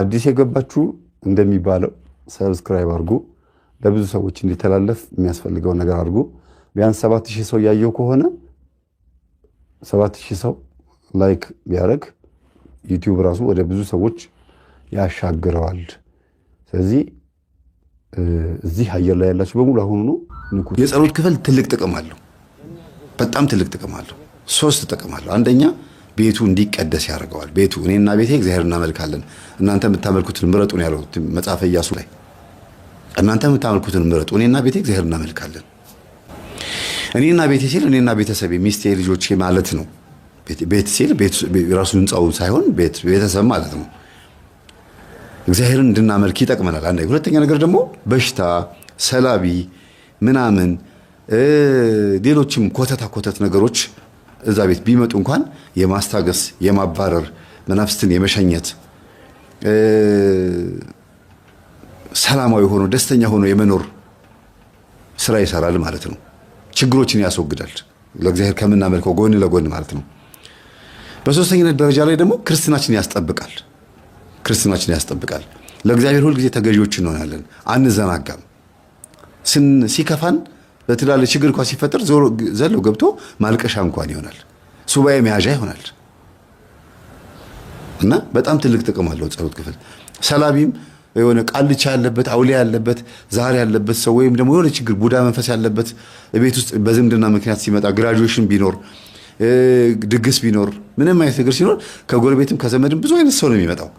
አዲስ የገባችሁ እንደሚባለው ሰብስክራይብ አድርጉ። ለብዙ ሰዎች እንዲተላለፍ የሚያስፈልገው ነገር አድርጉ። ቢያንስ ሰባት ሺህ ሰው ያየው ከሆነ ሰባት ሺህ ሰው ላይክ ቢያደርግ ዩቲዩብ ራሱ ወደ ብዙ ሰዎች ያሻግረዋል። ስለዚህ እዚህ አየር ላይ ያላችሁ በሙሉ አሁኑ ነው የጸሎት ክፍል ትልቅ ጥቅም አለው። በጣም ትልቅ ጥቅም አለው። ሶስት ጥቅም አለው። አንደኛ ቤቱ እንዲቀደስ ያደርገዋል። ቤቱ እኔና ቤቴ እግዚአብሔር እናመልካለን፣ እናንተ የምታመልኩትን ምረጡ ነው ያለው መጽሐፈ ኢያሱ ላይ። እናንተ የምታመልኩትን ምረጡ፣ እኔና ቤቴ እግዚአብሔር እናመልካለን። እኔና ቤቴ ሲል እኔና ቤተሰብ ሚስቴ፣ ልጆቼ ማለት ነው። ቤት ሲል ራሱ ህንፃውን ሳይሆን ቤተሰብ ማለት ነው። እግዚአብሔርን እንድናመልክ ይጠቅመናል። አንድ ሁለተኛ ነገር ደግሞ በሽታ ሰላቢ ምናምን ሌሎችም ኮተታ ኮተት ነገሮች እዛ ቤት ቢመጡ እንኳን የማስታገስ የማባረር መናፍስትን የመሸኘት ሰላማዊ ሆኖ ደስተኛ ሆኖ የመኖር ስራ ይሰራል ማለት ነው። ችግሮችን ያስወግዳል። ለእግዚአብሔር ከምናመልከው ጎን ለጎን ማለት ነው። በሶስተኝነት ደረጃ ላይ ደግሞ ክርስትናችን ያስጠብቃል። ክርስትናችን ያስጠብቃል። ለእግዚአብሔር ሁልጊዜ ተገዢዎች እንሆናለን፣ አንዘናጋም። ሲከፋን ትላለች። ችግር እንኳ ሲፈጠር ዞሮ ዘለው ገብቶ ማልቀሻ እንኳን ይሆናል፣ ሱባኤ መያዣ ይሆናል። እና በጣም ትልቅ ጥቅም አለው ጸሎት ክፍል። ሰላቢም የሆነ ቃልቻ ያለበት አውሊያ ያለበት ዛር ያለበት ሰው ወይም ደግሞ የሆነ ችግር ቡዳ መንፈስ ያለበት ቤት ውስጥ በዝምድና ምክንያት ሲመጣ ግራጁዌሽን ቢኖር ድግስ ቢኖር ምንም አይነት ነገር ሲኖር ከጎረቤትም ከዘመድም ብዙ አይነት ሰው ነው የሚመጣው።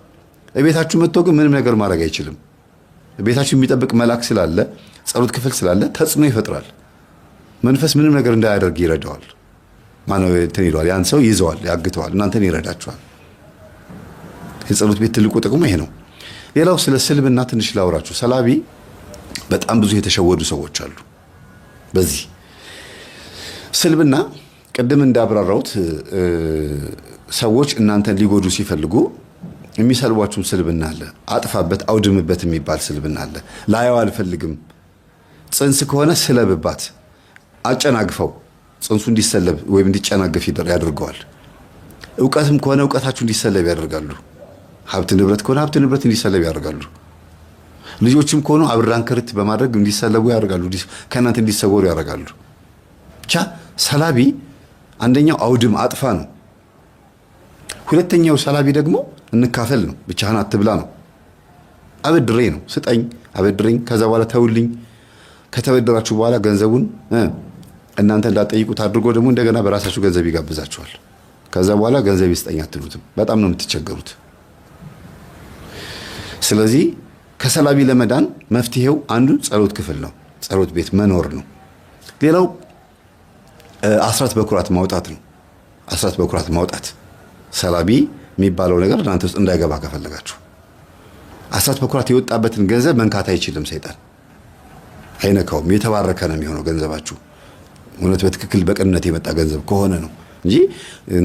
ቤታችሁ መጥቶ ግን ምንም ነገር ማድረግ አይችልም። ቤታችሁ የሚጠብቅ መልአክ ስላለ ጸሎት ክፍል ስላለ ተጽዕኖ ይፈጥራል። መንፈስ ምንም ነገር እንዳያደርግ ይረዳዋል። ማነው እንትን ይለዋል፣ ያን ሰው ይዘዋል፣ ያግተዋል፣ እናንተን ይረዳቸዋል። የጸሎት ቤት ትልቁ ጥቅሙ ይሄ ነው። ሌላው ስለ ስልምና ትንሽ ላውራችሁ። ሰላቢ በጣም ብዙ የተሸወዱ ሰዎች አሉ። በዚህ ስልምና ቅድም እንዳብራራሁት ሰዎች እናንተን ሊጎዱ ሲፈልጉ የሚሰልቧችሁም ስልብና አለ። አጥፋበት፣ አውድምበት የሚባል ስልብና አለ። ላየው አልፈልግም፣ ጽንስ ከሆነ ስለብባት አጨናግፈው ጽንሱ እንዲሰለብ ወይም እንዲጨናገፍ ያደርገዋል። እውቀትም ከሆነ እውቀታችሁ እንዲሰለብ ያደርጋሉ። ሀብት ንብረት ከሆነ ሀብት ንብረት እንዲሰለብ ያደርጋሉ። ልጆችም ከሆኑ አብራን ክርት በማድረግ እንዲሰለቡ ያደርጋሉ። ከእናንተ እንዲሰወሩ ያደርጋሉ። ብቻ ሰላቢ አንደኛው አውድም አጥፋ ነው። ሁለተኛው ሰላቢ ደግሞ እንካፈል ነው። ብቻህን አትብላ ነው። አበድሬ ነው። ስጠኝ፣ አበድረኝ፣ ከዛ በኋላ ተውልኝ። ከተበደራችሁ በኋላ ገንዘቡን እናንተ እንዳጠይቁት አድርጎ ደግሞ እንደገና በራሳችሁ ገንዘብ ይጋብዛችኋል። ከዛ በኋላ ገንዘብ ይስጠኝ አትሉትም። በጣም ነው የምትቸገሩት። ስለዚህ ከሰላቢ ለመዳን መፍትሄው አንዱ ጸሎት ክፍል ነው። ጸሎት ቤት መኖር ነው። ሌላው አስራት በኩራት ማውጣት ነው። አስራት በኩራት ማውጣት ሰላቢ የሚባለው ነገር እናንተ ውስጥ እንዳይገባ ከፈለጋችሁ አስራት በኩራት የወጣበትን ገንዘብ መንካት አይችልም። ሰይጣን አይነካውም። የተባረከ ነው የሚሆነው ገንዘባችሁ እውነት በትክክል በቅንነት የመጣ ገንዘብ ከሆነ ነው እንጂ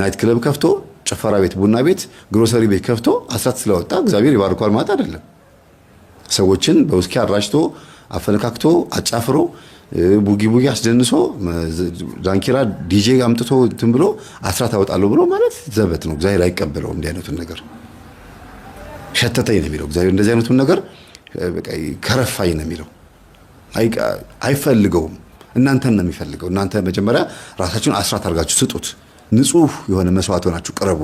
ናይት ክለብ ከፍቶ ጭፈራ ቤት፣ ቡና ቤት፣ ግሮሰሪ ቤት ከፍቶ አስራት ስለወጣ እግዚአብሔር ይባርኳል ማለት አይደለም። ሰዎችን በውስኪ አራጭቶ አፈነካክቶ አጫፍሮ ቡጊ ቡጊ አስደንሶ ዳንኪራ ዲጄ አምጥቶ እንትን ብሎ አስራት አወጣለሁ ብሎ ማለት ዘበት ነው። እግዚአብሔር አይቀበለው እንዲህ አይነቱን ነገር። ሸተተኝ ነው የሚለው እግዚአብሔር እንደዚህ አይነቱን ነገር ከረፋኝ ነው የሚለው አይፈልገውም። እናንተን ነው የሚፈልገው። እናንተ መጀመሪያ ራሳችሁን አስራት አድርጋችሁ ስጡት። ንጹህ የሆነ መስዋዕት ሆናችሁ ቅረቡ።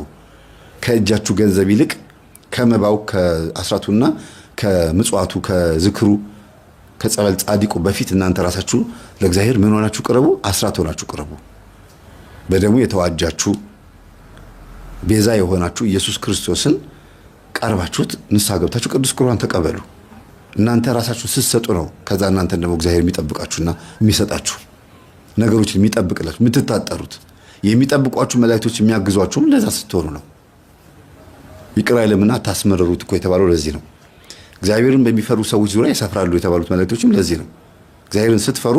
ከእጃችሁ ገንዘብ ይልቅ ከመባው ከአስራቱና ከምጽዋቱ ከዝክሩ ከጸበል ጻዲቁ በፊት እናንተ ራሳችሁ ለእግዚአብሔር ምን ሆናችሁ ቅረቡ? አስራት ሆናችሁ ቅረቡ። በደሙ የተዋጃችሁ ቤዛ የሆናችሁ ኢየሱስ ክርስቶስን ቀርባችሁት ንስሐ ገብታችሁ ቅዱስ ቁርባን ተቀበሉ። እናንተ ራሳችሁ ስትሰጡ ነው። ከዛ እናንተ ደግሞ እግዚአብሔር የሚጠብቃችሁና የሚሰጣችሁ ነገሮችን የሚጠብቅላችሁ የምትታጠሩት የሚጠብቋችሁ መላእክቶች የሚያግዟችሁም ለዛ ስትሆኑ ነው። ይቅር አይልምና ታስመረሩት እኮ የተባለው ለዚህ ነው። እግዚአብሔርን በሚፈሩ ሰዎች ዙሪያ ይሰፍራሉ የተባሉት መላእክቶችም ለዚህ ነው። እግዚአብሔርን ስትፈሩ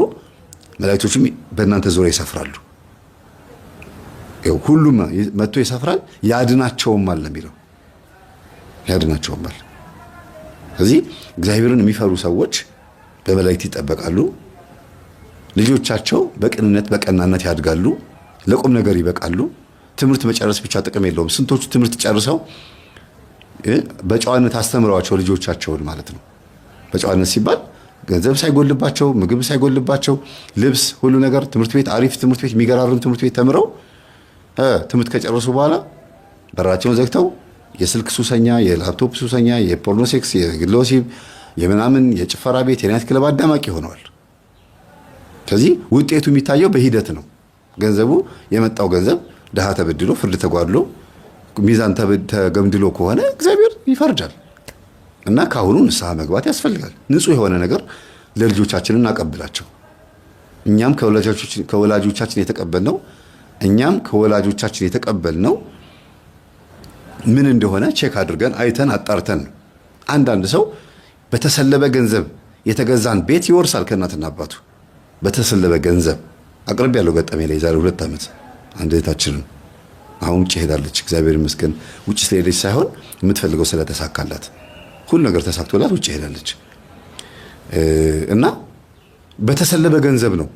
መላእክቶችም በእናንተ ዙሪያ ይሰፍራሉ። ሁሉም መጥቶ ይሰፍራል፣ ያድናቸውም አለ የሚለው አለ። ስለዚህ እግዚአብሔርን የሚፈሩ ሰዎች በመላእክት ይጠበቃሉ። ልጆቻቸው በቅንነት በቀናነት ያድጋሉ። ለቁም ነገር ይበቃሉ። ትምህርት መጨረስ ብቻ ጥቅም የለውም። ስንቶቹ ትምህርት ጨርሰው በጨዋነት አስተምረዋቸው ልጆቻቸውን ማለት ነው። በጨዋነት ሲባል ገንዘብ ሳይጎልባቸው፣ ምግብ ሳይጎልባቸው፣ ልብስ፣ ሁሉ ነገር ትምህርት ቤት አሪፍ ትምህርት ቤት የሚገራርም ትምህርት ቤት ተምረው ትምህርት ከጨረሱ በኋላ በራቸውን ዘግተው የስልክ ሱሰኛ፣ የላፕቶፕ ሱሰኛ፣ የፖርኖሴክስ፣ የግል ወሲብ፣ የምናምን የጭፈራ ቤት፣ የናይት ክለብ አዳማቂ ሆነዋል። ስለዚህ ውጤቱ የሚታየው በሂደት ነው። ገንዘቡ የመጣው ገንዘብ ድሃ ተበድሎ ፍርድ ተጓድሎ ሚዛን ተገምድሎ ከሆነ እግዚአብሔር ይፈርዳል እና ከአሁኑ ንስሐ መግባት ያስፈልጋል። ንጹህ የሆነ ነገር ለልጆቻችን እናቀብላቸው። እኛም ከወላጆቻችን የተቀበልነው እኛም ከወላጆቻችን የተቀበልነው ምን እንደሆነ ቼክ አድርገን አይተን አጣርተን ነው። አንዳንድ ሰው በተሰለበ ገንዘብ የተገዛን ቤት ይወርሳል ከእናትና አባቱ በተሰለበ ገንዘብ አቅርብ ያለው ገጠሜ ላይ ዛሬ ሁለት ዓመት አንድ ቤታችንን አሁን ውጭ ሄዳለች። እግዚአብሔር ይመስገን ውጭ ስለሄደች ሳይሆን የምትፈልገው ስለተሳካላት ሁሉ ነገር ተሳክቶላት ውጭ ሄዳለች እና በተሰለበ ገንዘብ ነው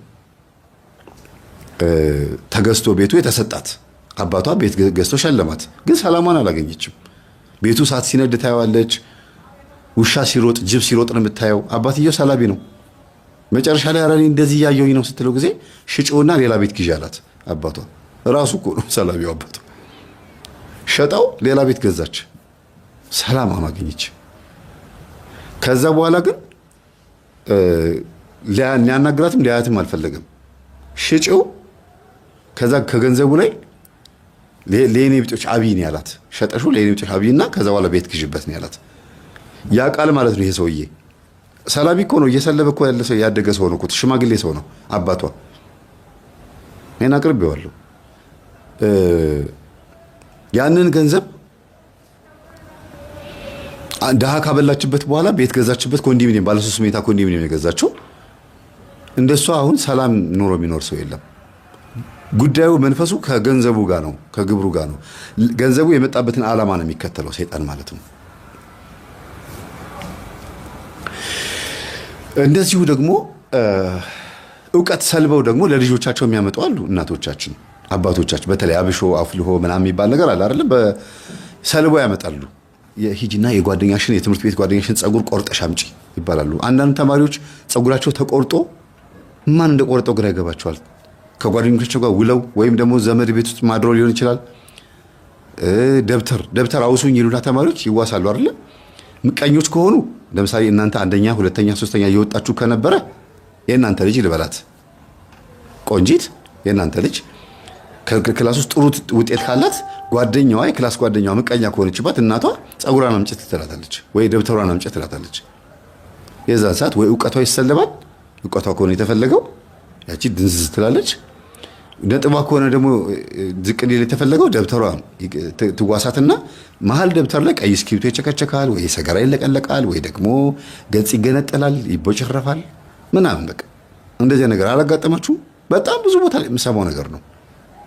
ተገዝቶ ቤቱ የተሰጣት። አባቷ ቤት ገዝቶ ሸለማት። ግን ሰላሟን አላገኘችም። ቤቱ እሳት ሲነድ ታየዋለች። ውሻ ሲሮጥ፣ ጅብ ሲሮጥ ነው የምታየው። አባትየው ሰላቢ ነው። መጨረሻ ላይ ኧረ እንደዚህ እያየሁኝ ነው ስትለው ጊዜ ሽጪውና ሌላ ቤት ግዢ አላት አባቷ። ራሱ እኮ ነው ሰላቢው አባቷ። ሸጠው ሌላ ቤት ገዛች። ሰላም አገኘች ከዛ በኋላ ግን ሊያናግራትም ሊያያትም አልፈለገም ሽጭው ከዛ ከገንዘቡ ላይ ለእኔ ቢጤዎች አብይ ነው ያላት። ሸጠሹ ለእኔ ቢጤዎች አብይ እና ከዛ በኋላ ቤት ግዥበት ነው ያላት። ያ ቃል ማለት ነው። ይሄ ሰውዬ ሰላቢ እኮ ነው፣ እየሰለበ እኮ ያለ ሰው ያደገ ሰው ነው፣ ሽማግሌ ሰው ነው። አባቷ እኔን አቅርቤዋለሁ። ያንን ገንዘብ ድሃ ካበላችበት በኋላ ቤት ገዛችበት። ኮንዶሚኒየም ባለሶስት ሜታ ኮንዶሚኒየም የገዛችው እንደሷ አሁን ሰላም ኑሮ የሚኖር ሰው የለም። ጉዳዩ መንፈሱ ከገንዘቡ ጋር ነው፣ ከግብሩ ጋር ነው። ገንዘቡ የመጣበትን ዓላማ ነው የሚከተለው ሰይጣን ማለት ነው። እንደዚሁ ደግሞ እውቀት ሰልበው ደግሞ ለልጆቻቸው የሚያመጡ አሉ እናቶቻችን፣ አባቶቻችን በተለይ አብሾ አፍልሆ ምናምን የሚባል ነገር አለ አይደለም። ሰልበው ያመጣሉ። የሂጂና የጓደኛሽን የትምህርት ቤት ጓደኛሽን ጸጉር ቆርጠሽ አምጪ ይባላሉ። አንዳንድ ተማሪዎች ጸጉራቸው ተቆርጦ ማን እንደቆረጠው ግራ ይገባቸዋል። ከጓደኞቻቸው ጋር ውለው ወይም ደግሞ ዘመድ ቤት ውስጥ ማድሮ ሊሆን ይችላል። ደብተር ደብተር አውሱኝ ይሉና ተማሪዎች ይዋሳሉ አይደለ? ምቀኞች ከሆኑ ለምሳሌ እናንተ አንደኛ፣ ሁለተኛ፣ ሶስተኛ እየወጣችሁ ከነበረ የእናንተ ልጅ ልበላት ቆንጂት የእናንተ ልጅ ክላስ ውስጥ ጥሩ ውጤት ካላት ጓደኛዋ የክላስ ጓደኛዋ ምቀኛ ከሆነችባት እናቷ ፀጉሯን አምጨት ትላታለች፣ ወይ ደብተሯን አምጨት ትላታለች። የዛን ሰዓት ወይ እውቀቷ ይሰለባል፣ እውቀቷ ከሆነ የተፈለገው ያቺ ድንዝዝ ትላለች። ነጥቧ ከሆነ ደግሞ ዝቅ እንዲል የተፈለገው ደብተሯ ትዋሳትና መሀል ደብተር ላይ ቀይ እስክሪብቶ ይቸከቸካል፣ ወይ ሰገራ ይለቀለቃል፣ ወይ ደግሞ ገጽ ይገነጠላል፣ ይቦጭረፋል ምናምን በቃ እንደዚያ ነገር አላጋጠማችሁ? በጣም ብዙ ቦታ ላይ የምሰማው ነገር ነው።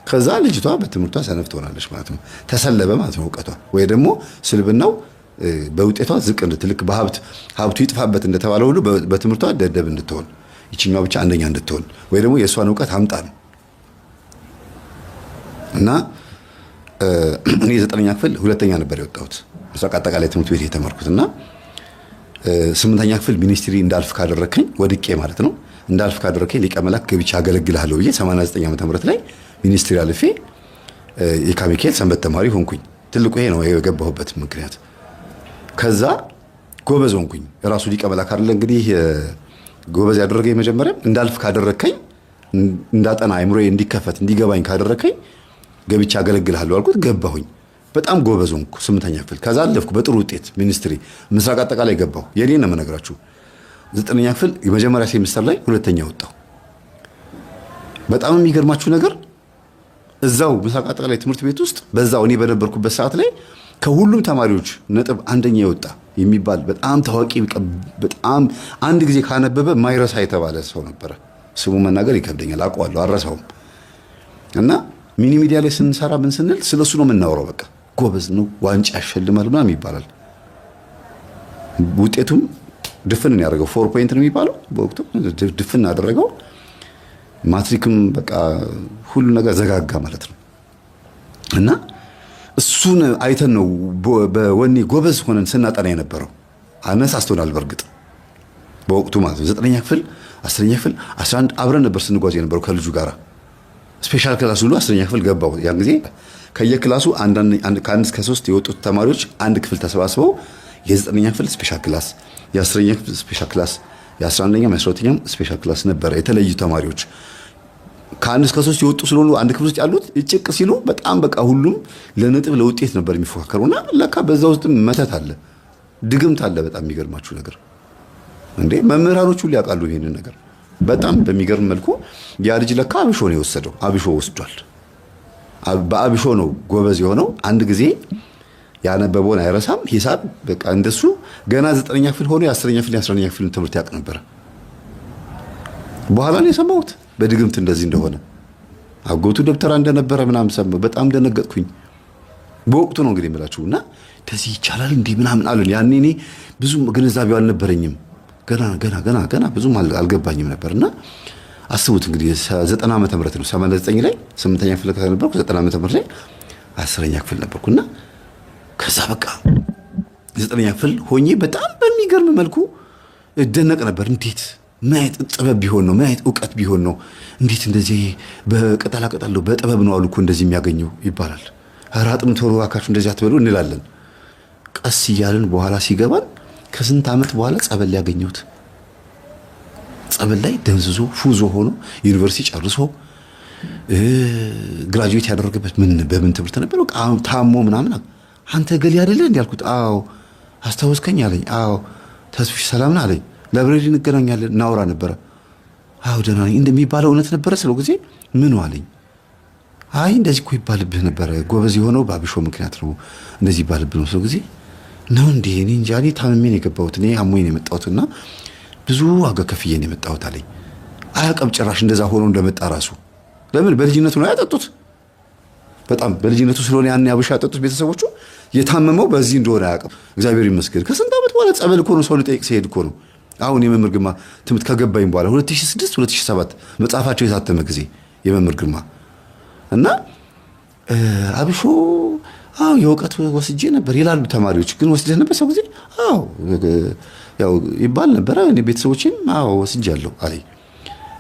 ከዛ ልጅቷ በትምህርቷ ሰነፍ ትሆናለች ማለት ነው። ተሰለበ ማለት ነው እውቀቷ ወይ ደግሞ ስልብናው በውጤቷ ዝቅ እንድትልክ በሀብት ሀብቱ ይጥፋበት እንደተባለ ሁሉ በትምህርቷ ደደብ እንድትሆን ይችኛዋ ብቻ አንደኛ እንድትሆን ወይ ደግሞ የእሷን እውቀት አምጣ ነው እና እኔ ዘጠነኛ ክፍል ሁለተኛ ነበር የወጣሁት ምስራቅ አጠቃላይ ትምህርት ቤት የተመርኩት እና ስምንተኛ ክፍል ሚኒስትሪ እንዳልፍ ካደረከኝ ወድቄ ማለት ነው እንዳልፍ ካደረከኝ ሊቀ መላክ ገብቼ አገለግልሃለሁ ብዬ 89 ዓመተ ምህረት ላይ ሚኒስትሪ አልፌ የካሚካኤል ሰንበት ተማሪ ሆንኩኝ። ትልቁ ይሄ ነው የገባሁበት ምክንያት። ከዛ ጎበዝ ሆንኩኝ። ራሱ ሊቀ መላክ አይደለ እንግዲህ ጎበዝ ያደረገኝ መጀመሪያም እንዳልፍ ካደረከኝ እንዳጠና አይምሮ እንዲከፈት እንዲገባኝ ካደረከኝ ገብቼ አገለግልሃለሁ አልኩት። ገባሁኝ። በጣም ጎበዝ ሆንኩ። ስምንተኛ ክፍል ከዛ አለፍኩ በጥሩ ውጤት ሚኒስትሪ ምስራቅ አጠቃላይ ገባሁ። የኔ ነው የምነግራችሁ። ዘጠነኛ ክፍል የመጀመሪያ ሴሚስተር ላይ ሁለተኛ ወጣሁ። በጣም የሚገርማችሁ ነገር እዛው ምስራቅ አጠቃላይ ትምህርት ቤት ውስጥ በዛው እኔ በነበርኩበት ሰዓት ላይ ከሁሉም ተማሪዎች ነጥብ አንደኛ የወጣ የሚባል በጣም ታዋቂ በጣም አንድ ጊዜ ካነበበ ማይረሳ የተባለ ሰው ነበረ። ስሙ መናገር ይከብደኛል፣ አውቀዋለሁ፣ አረሳውም እና ሚኒ ሚዲያ ላይ ስንሰራ ምን ስንል ስለ እሱ ነው የምናወራው። በቃ ጎበዝ ነው፣ ዋንጫ ያሸልማል ምናምን ይባላል። ውጤቱም ድፍን ነው ያደረገው። ፎር ፖይንት ነው የሚባለው በወቅቱ ድፍን አደረገው። ማትሪክም በቃ ሁሉ ነገር ዘጋጋ ማለት ነው እና እሱን አይተን ነው በወኔ ጎበዝ ሆነን ስናጠና የነበረው። አነሳስቶናል በእርግጥ በወቅቱ ማለት ነው። ዘጠነኛ ክፍል፣ አስረኛ ክፍል፣ አስራ አንድ አብረን ነበር ስንጓዝ የነበረው ከልጁ ጋራ ስፔሻል ክላስ ሁሉ አስረኛ ክፍል ገባሁ። ያን ጊዜ ከየክላሱ ከአንድ እስከ ሶስት የወጡት ተማሪዎች አንድ ክፍል ተሰባስበው የዘጠነኛ ክፍል ስፔሻል ክላስ፣ የአስረኛ ክፍል ስፔሻል ክላስ፣ የአስራ አንደኛም የአስራ ሁለተኛም ስፔሻል ክላስ ነበረ። የተለዩ ተማሪዎች ከአንድ እስከ ሶስት የወጡ ስለሆኑ አንድ ክፍል ውስጥ ያሉት ጭቅ ሲሉ በጣም በቃ ሁሉም ለነጥብ ለውጤት ነበር የሚፎካከሩ እና ለካ በዛ ውስጥም መተት አለ፣ ድግምት አለ። በጣም የሚገርማችሁ ነገር እንዴ መምህራኖቹ ሊያውቃሉ ያውቃሉ ይሄንን ነገር በጣም በሚገርም መልኩ ያ ልጅ ለካ አብሾ ነው የወሰደው። አብሾ ወስዷል። በአብሾ ነው ጎበዝ የሆነው። አንድ ጊዜ ያነበበውን አይረሳም። ሂሳብ በቃ እንደሱ ገና ዘጠነኛ ክፍል ሆኖ የአስረኛ ክፍል የአስረኛ ክፍል ትምህርት ያውቅ ነበረ። በኋላ ነው የሰማሁት በድግምት እንደዚህ እንደሆነ አጎቱ ደብተራ እንደነበረ ምናምን ሰማሁ። በጣም ደነገጥኩኝ። በወቅቱ ነው እንግዲህ የምላችሁ እና እንደዚህ ይቻላል እንዲህ ምናምን አለን። ያኔ እኔ ብዙ ግንዛቤው አልነበረኝም። ገና ገና ገና ገና ብዙም አልገባኝም ነበር እና አስቡት እንግዲህ ዘጠና ዓመተ ምህረት ነው ሰማንያ ዘጠኝ ላይ ስምንተኛ ክፍል ነበርኩ። ዘጠና ዓመተ ምህረት ላይ አስረኛ ክፍል ነበርኩ እና ከዛ በቃ ዘጠነኛ ክፍል ሆኜ በጣም በሚገርም መልኩ እደነቅ ነበር። እንዴት ማየት ጥበብ ቢሆን ነው? ማየት እውቀት ቢሆን ነው? እንዴት እንደዚህ በቅጠላ ቅጠል በጥበብ ነው አሉ እኮ እንደዚህ የሚያገኘው ይባላል። ኧረ ቶሎ እባካችሁ እንደዚህ አትበሉ እንላለን። ቀስ እያልን በኋላ ሲገባን ከስንት ዓመት በኋላ ጸበል ያገኘውት ያገኘሁት። ጸበል ላይ ደንዝዞ ፉዞ ሆኖ ዩኒቨርሲቲ ጨርሶ ግራጁዌት ያደረገበት ምን በምን ትምህርት ነበር ታሞ ምናምን አንተ ገሌ አይደለ እንዲያልኩት፣ አዎ አስታወስከኝ አለኝ። አዎ ተስፊሽ ሰላምን አለኝ። ላይብረሪ እንገናኛለን ናውራ ነበረ። አዎ ደህና ነኝ እንደሚባለው እውነት ነበረ ስለው ጊዜ ምኑ አለኝ። አይ እንደዚህ እኮ ይባልብህ ነበረ ጎበዝ የሆነው በአብሾ ምክንያት ነው እንደዚህ ይባልብህ ነው ስለው ጊዜ ነው እንዴ? እኔ እንጃ እኔ ታምሜ ነው የገባሁት፣ እኔ አሞኝ ነው የመጣሁት እና ብዙ ዋጋ ከፍዬ ነው የመጣሁት አለኝ። አያውቅም ጭራሽ እንደዛ ሆኖ እንደመጣ ራሱ። ለምን በልጅነቱ ነው ያጠጡት፣ በጣም በልጅነቱ ስለሆነ ያን ያብሻ ያጠጡት ቤተሰቦቹ። የታመመው በዚህ እንደሆነ አያውቅም። እግዚአብሔር ይመስገን። ከስንት ዓመት በኋላ ጸበል እኮ ነው ሰው ልጠይቅ ሲሄድ እኮ ነው አሁን የመምህር ግርማ ትምህርት ከገባኝ በኋላ 2006 2007 መጽሐፋቸው የታተመ ጊዜ የመምህር ግርማ እና አብሾ አዎ የእውቀት ወስጄ ነበር ይላሉ ተማሪዎች። ግን ወስደህ ነበር ሰው ጊዜ? አዎ ያው ይባል ነበረ። እኔ ቤተሰቦችን አዎ ወስጃለሁ አለኝ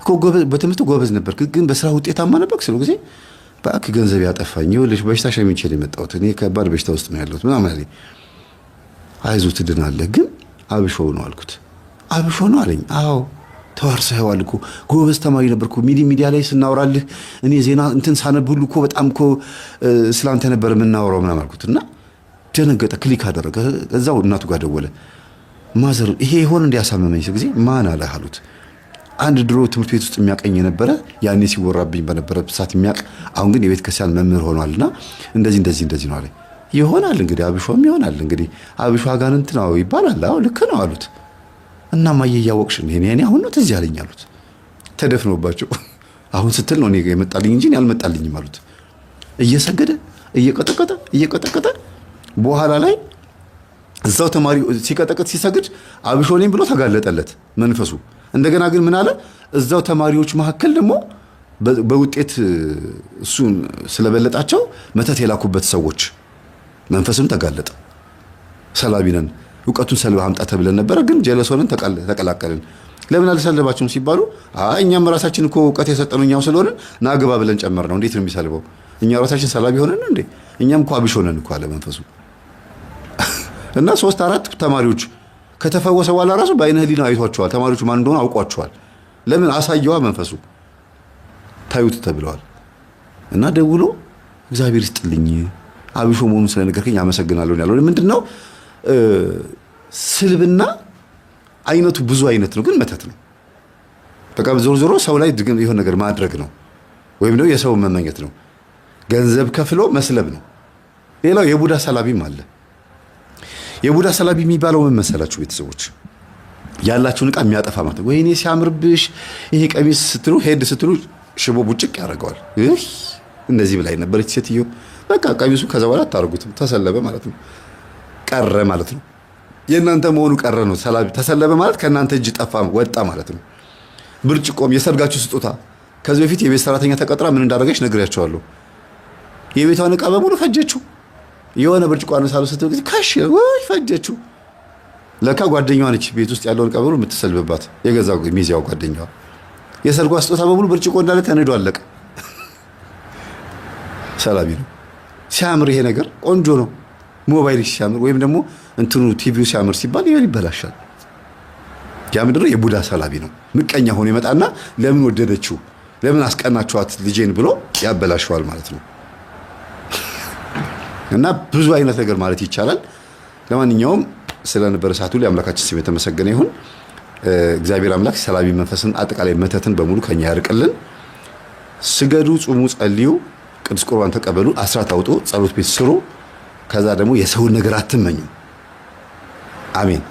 እኮ በትምህርት ጎበዝ ነበር፣ ግን በስራ ውጤታማ ነበር ስለ ጊዜ እባክህ ገንዘብ ያጠፋኝ ይኸውልሽ፣ በሽታ ሸምቼ ነው የመጣሁት እኔ ከባድ በሽታ ውስጥ ነው ያለሁት ምናምን አለኝ። አይዞህ ትድናለህ፣ ግን አብሾ ነው አልኩት። አብሾ ነው አለኝ። አዎ ተዋርሰኸዋል እኮ ጎበዝ ተማሪ ነበርኩ። ሚዲ ሚዲያ ላይ ስናወራልህ እኔ ዜና እንትን ሳነብ ሁሉ እኮ በጣም እኮ ስላንተ ነበር የምናወራው ምናምን አልኩት እና ደነገጠ። ክሊክ አደረገ። እዛው እናቱ ጋር ደወለ። ማዘሩ ይሄ የሆነ እንዲያሳመመኝ ጊዜ ማን አለ አሉት። አንድ ድሮ ትምህርት ቤት ውስጥ የሚያቀኝ የነበረ ያኔ ሲወራብኝ በነበረ ሰዓት የሚያቅ አሁን ግን የቤተ ክርስቲያን መምህር ሆኗል ሆኗልና እንደዚህ እንደዚህ እንደዚህ ነው አለ። ይሆናል እንግዲህ አብሾም ይሆናል እንግዲህ አብሾ አጋንንት ነው ይባላል። አዎ ልክ ነው አሉት። እና ማየ እያወቅሽ ነው እኔ አሁን ነው ትዝ ያለኝ አሉት። ተደፍኖባቸው አሁን ስትል ነው እኔ የመጣልኝ እንጂ አልመጣልኝም አሉት። እየሰገደ እየቀጠቀጠ እየቀጠቀጠ በኋላ ላይ እዛው ተማሪ ሲቀጠቅጥ ሲሰግድ አብሾሌን ብሎ ተጋለጠለት መንፈሱ። እንደገና ግን ምን አለ? እዛው ተማሪዎች መካከል ደግሞ በውጤት እሱን ስለበለጣቸው መተት የላኩበት ሰዎች መንፈስም ተጋለጠ። ሰላቢነን እውቀቱን ሰልበህ አምጣ ተብለን ነበረ። ግን ጀለስ ሆነን ተቀላቀልን። ለምን አልሰለባችሁም ሲባሉ እኛም ራሳችን እኮ እውቀት የሰጠነው እኛው ስለሆንን ናግባ ብለን ጨመር ነው። እንዴት ነው የሚሰልበው? እኛ ራሳችን ሰላቢ ሆነን እንዴ እኛም እኮ አብሽ ሆነን እኮ እና ሶስት አራት ተማሪዎች ከተፈወሰ በኋላ ራሱ በአይነ ህሊና አይቷቸዋል። ተማሪዎቹ ማን እንደሆነ አውቋቸዋል። ለምን አሳየዋ መንፈሱ ታዩት ተብለዋል። እና ደውሎ እግዚአብሔር ይስጥልኝ አብሾ መሆኑን ስለነገርከኝ አመሰግናለሁ ያለው ምንድን ነው ስልብና አይነቱ ብዙ አይነት ነው፣ ግን መተት ነው። በቃ ዞሮ ዞሮ ሰው ላይ የሆነ ነገር ማድረግ ነው፣ ወይም ደግሞ የሰው መመኘት ነው። ገንዘብ ከፍሎ መስለብ ነው። ሌላው የቡዳ ሰላቢም አለ። የቡዳ ሰላቢ የሚባለው ምን መሰላችሁ? ቤተሰቦች ያላችሁን እቃ የሚያጠፋ ማለት ነው። ወይኔ ሲያምርብሽ ይሄ ቀሚስ ስትሉ ሄድ ስትሉ ሽቦ ቡጭቅ ያደርገዋል። እንደዚህ ብላይ ነበረች ሴትዮ። በቃ ቀሚሱ ከዛ በኋላ አታርጉትም፣ ተሰለበ ማለት ነው፣ ቀረ ማለት ነው። የእናንተ መሆኑ ቀረ ነው። ተሰለበ ማለት ከእናንተ እጅ ጠፋ ወጣ ማለት ነው። ብርጭቆም የሰርጋችሁ ስጦታ ከዚህ በፊት የቤት ሰራተኛ ተቀጥራ ምን እንዳደረገች ነግሬያቸዋለሁ። የቤቷን እቃ በሙሉ ፈጀችው። የሆነ ብርጭቆ አነሳሉ ስትል ጊዜ ከሽ ወይ ፈጀችው። ለካ ጓደኛዋ ነች ቤት ውስጥ ያለውን እቃ በሙሉ የምትሰልብባት የገዛ ሚዚያው ጓደኛዋ። የሰርጓ ስጦታ በሙሉ ብርጭቆ እንዳለ ተንዶ አለቀ። ሰላቢ ነው። ሲያምር ይሄ ነገር ቆንጆ ነው። ሞባይል ሲያምር ወይም ደግሞ እንትኑ ቲቪው ሲያምር ሲባል ይበል ይበላሻል። ያ ምድር የቡዳ ሰላቢ ነው። ምቀኛ ሆኖ ይመጣና ለምን ወደደችው ለምን አስቀናችኋት ልጄን ብሎ ያበላሸዋል ማለት ነው። እና ብዙ አይነት ነገር ማለት ይቻላል። ለማንኛውም ስለነበረ ሰዓት ሁሉ የአምላካችን ስም የተመሰገነ ይሁን። እግዚአብሔር አምላክ ሰላቢ መንፈስን አጠቃላይ መተትን በሙሉ ከኛ ያርቅልን። ስገዱ፣ ጹሙ፣ ጸልዩ፣ ቅዱስ ቁርባን ተቀበሉ፣ አስራት አውጡ፣ ጸሎት ቤት ስሩ። ከዛ ደግሞ የሰውን ነገር አትመኙ። አሜን።